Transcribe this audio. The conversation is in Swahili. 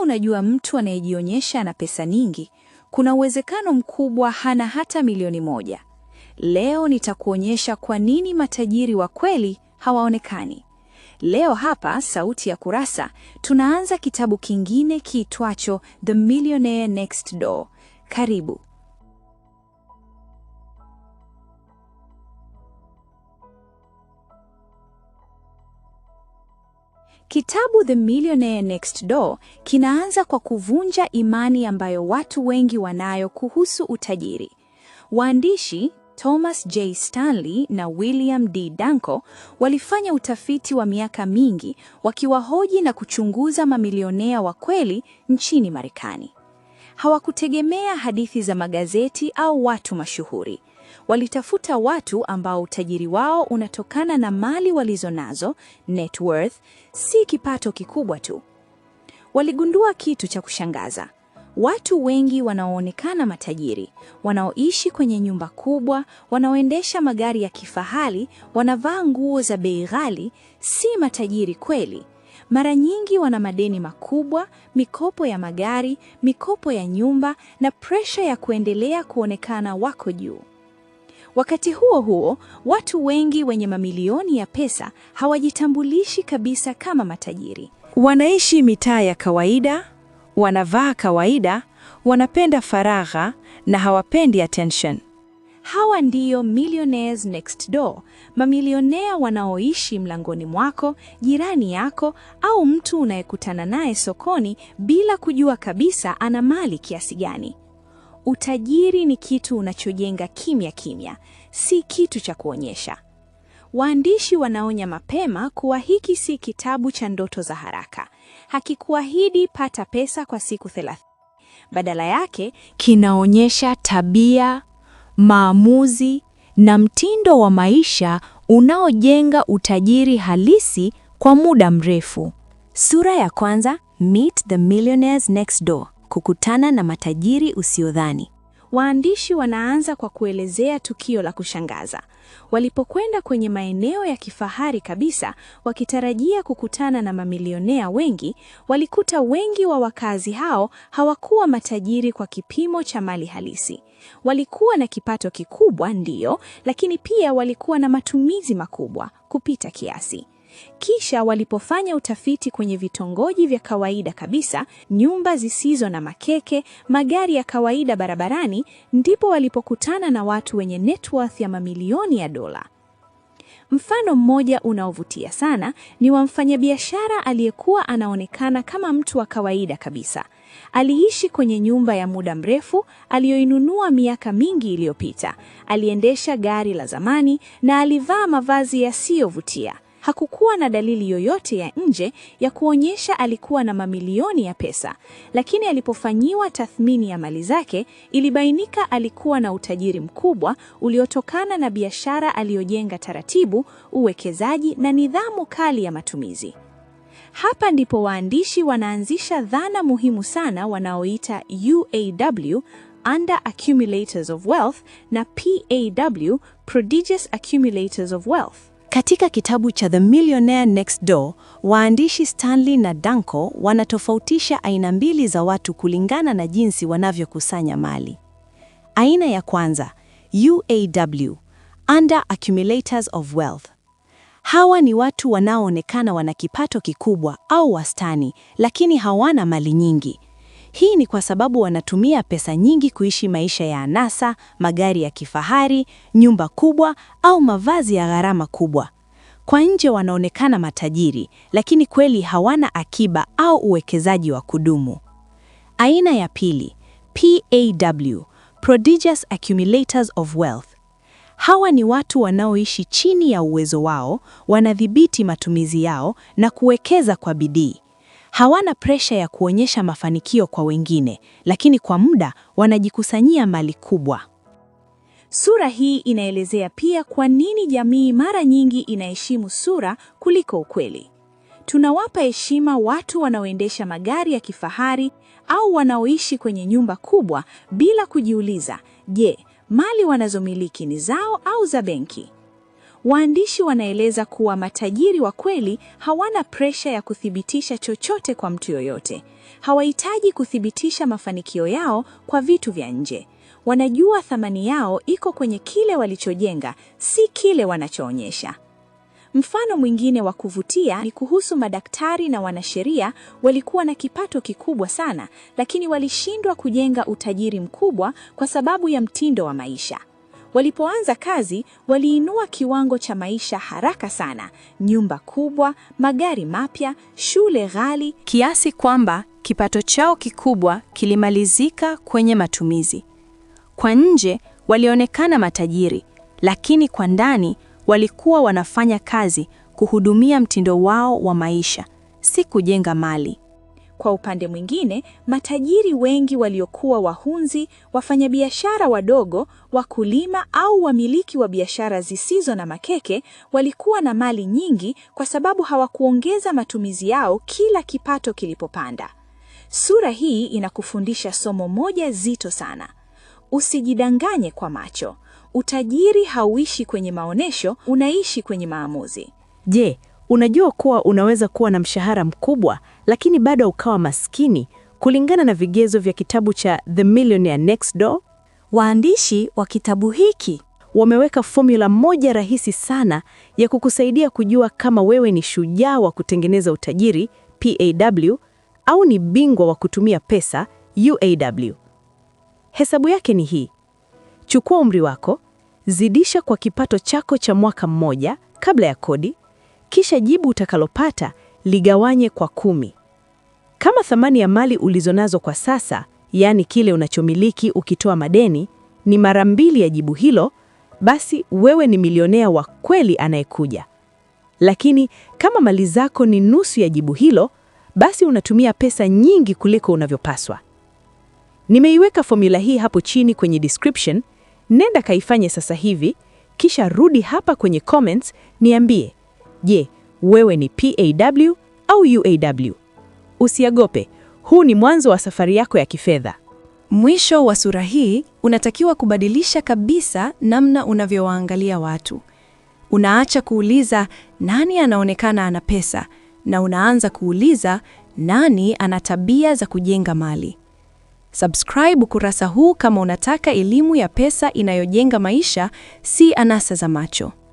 unajua mtu anayejionyesha ana pesa nyingi, kuna uwezekano mkubwa hana hata milioni moja. Leo nitakuonyesha kwa nini matajiri wa kweli hawaonekani. Leo hapa Sauti ya Kurasa tunaanza kitabu kingine kiitwacho The Millionaire Next Door. Karibu. Kitabu The Millionaire Next Door kinaanza kwa kuvunja imani ambayo watu wengi wanayo kuhusu utajiri. Waandishi Thomas J. Stanley na William D. Danko walifanya utafiti wa miaka mingi wakiwahoji na kuchunguza mamilionea wa kweli nchini Marekani. Hawakutegemea hadithi za magazeti au watu mashuhuri. Walitafuta watu ambao utajiri wao unatokana na mali walizonazo, net worth, si kipato kikubwa tu. Waligundua kitu cha kushangaza. Watu wengi wanaoonekana matajiri, wanaoishi kwenye nyumba kubwa, wanaoendesha magari ya kifahari, wanavaa nguo za bei ghali, si matajiri kweli. Mara nyingi wana madeni makubwa, mikopo ya magari, mikopo ya nyumba na presha ya kuendelea kuonekana wako juu. Wakati huo huo, watu wengi wenye mamilioni ya pesa hawajitambulishi kabisa kama matajiri. Wanaishi mitaa ya kawaida, wanavaa kawaida, wanapenda faragha na hawapendi attention. Hawa ndiyo millionaires next door, mamilionea wanaoishi mlangoni mwako, jirani yako, au mtu unayekutana naye sokoni bila kujua kabisa ana mali kiasi gani. Utajiri ni kitu unachojenga kimya kimya, si kitu cha kuonyesha. Waandishi wanaonya mapema kuwa hiki si kitabu cha ndoto za haraka. Hakikuahidi pata pesa kwa siku thelathini. Badala yake, kinaonyesha tabia, maamuzi na mtindo wa maisha unaojenga utajiri halisi kwa muda mrefu. Sura ya kwanza, Meet the Millionaires Next Door kukutana na matajiri usiodhani. Waandishi wanaanza kwa kuelezea tukio la kushangaza walipokwenda kwenye maeneo ya kifahari kabisa, wakitarajia kukutana na mamilionea wengi. Walikuta wengi wa wakazi hao hawakuwa matajiri kwa kipimo cha mali halisi. Walikuwa na kipato kikubwa, ndiyo, lakini pia walikuwa na matumizi makubwa kupita kiasi. Kisha walipofanya utafiti kwenye vitongoji vya kawaida kabisa, nyumba zisizo na makeke, magari ya kawaida barabarani, ndipo walipokutana na watu wenye net worth ya mamilioni ya dola. Mfano mmoja unaovutia sana ni wa mfanyabiashara aliyekuwa anaonekana kama mtu wa kawaida kabisa. Aliishi kwenye nyumba ya muda mrefu aliyoinunua miaka mingi iliyopita. Aliendesha gari la zamani na alivaa mavazi yasiyovutia. Hakukuwa na dalili yoyote ya nje ya kuonyesha alikuwa na mamilioni ya pesa, lakini alipofanyiwa tathmini ya mali zake, ilibainika alikuwa na utajiri mkubwa uliotokana na biashara aliyojenga taratibu, uwekezaji na nidhamu kali ya matumizi. Hapa ndipo waandishi wanaanzisha dhana muhimu sana wanaoita UAW Under Accumulators of Wealth na PAW Prodigious Accumulators of Wealth. Katika kitabu cha The Millionaire Next Door, waandishi Stanley na Danko wanatofautisha aina mbili za watu kulingana na jinsi wanavyokusanya mali. Aina ya kwanza, UAW, Under Accumulators of Wealth. Hawa ni watu wanaoonekana wana kipato kikubwa au wastani, lakini hawana mali nyingi. Hii ni kwa sababu wanatumia pesa nyingi kuishi maisha ya anasa, magari ya kifahari, nyumba kubwa au mavazi ya gharama kubwa. Kwa nje wanaonekana matajiri, lakini kweli hawana akiba au uwekezaji wa kudumu. Aina ya pili, PAW, Prodigious Accumulators of Wealth. Hawa ni watu wanaoishi chini ya uwezo wao, wanadhibiti matumizi yao na kuwekeza kwa bidii. Hawana presha ya kuonyesha mafanikio kwa wengine, lakini kwa muda wanajikusanyia mali kubwa. Sura hii inaelezea pia kwa nini jamii mara nyingi inaheshimu sura kuliko ukweli. Tunawapa heshima watu wanaoendesha magari ya kifahari au wanaoishi kwenye nyumba kubwa bila kujiuliza, je, mali wanazomiliki ni zao au za benki? Waandishi wanaeleza kuwa matajiri wa kweli hawana presha ya kuthibitisha chochote kwa mtu yoyote. Hawahitaji kuthibitisha mafanikio yao kwa vitu vya nje. Wanajua thamani yao iko kwenye kile walichojenga, si kile wanachoonyesha. Mfano mwingine wa kuvutia ni kuhusu madaktari na wanasheria walikuwa na kipato kikubwa sana, lakini walishindwa kujenga utajiri mkubwa kwa sababu ya mtindo wa maisha. Walipoanza kazi, waliinua kiwango cha maisha haraka sana: nyumba kubwa, magari mapya, shule ghali, kiasi kwamba kipato chao kikubwa kilimalizika kwenye matumizi. Kwa nje walionekana matajiri, lakini kwa ndani walikuwa wanafanya kazi kuhudumia mtindo wao wa maisha, si kujenga mali. Kwa upande mwingine, matajiri wengi waliokuwa wahunzi, wafanyabiashara wadogo, wakulima au wamiliki wa biashara zisizo na makeke walikuwa na mali nyingi kwa sababu hawakuongeza matumizi yao kila kipato kilipopanda. Sura hii inakufundisha somo moja zito sana. Usijidanganye kwa macho. Utajiri hauishi kwenye maonesho, unaishi kwenye maamuzi. Je, Unajua kuwa unaweza kuwa na mshahara mkubwa lakini bado ukawa maskini kulingana na vigezo vya kitabu cha The Millionaire Next Door. Waandishi wa kitabu hiki wameweka fomula moja rahisi sana ya kukusaidia kujua kama wewe ni shujaa wa kutengeneza utajiri PAW au ni bingwa wa kutumia pesa UAW. Hesabu yake ni hii: chukua umri wako, zidisha kwa kipato chako cha mwaka mmoja kabla ya kodi, kisha jibu utakalopata ligawanye kwa kumi. Kama thamani ya mali ulizonazo kwa sasa, yaani kile unachomiliki ukitoa madeni, ni mara mbili ya jibu hilo, basi wewe ni milionea wa kweli anayekuja. Lakini kama mali zako ni nusu ya jibu hilo, basi unatumia pesa nyingi kuliko unavyopaswa. Nimeiweka fomula hii hapo chini kwenye description. Nenda kaifanye sasa hivi, kisha rudi hapa kwenye comments niambie Je, wewe ni PAW au UAW? Usiogope, huu ni mwanzo wa safari yako ya kifedha. Mwisho wa sura hii unatakiwa kubadilisha kabisa namna unavyowaangalia watu. Unaacha kuuliza nani anaonekana ana pesa na unaanza kuuliza nani ana tabia za kujenga mali. Subscribe ukurasa huu kama unataka elimu ya pesa inayojenga maisha, si anasa za macho.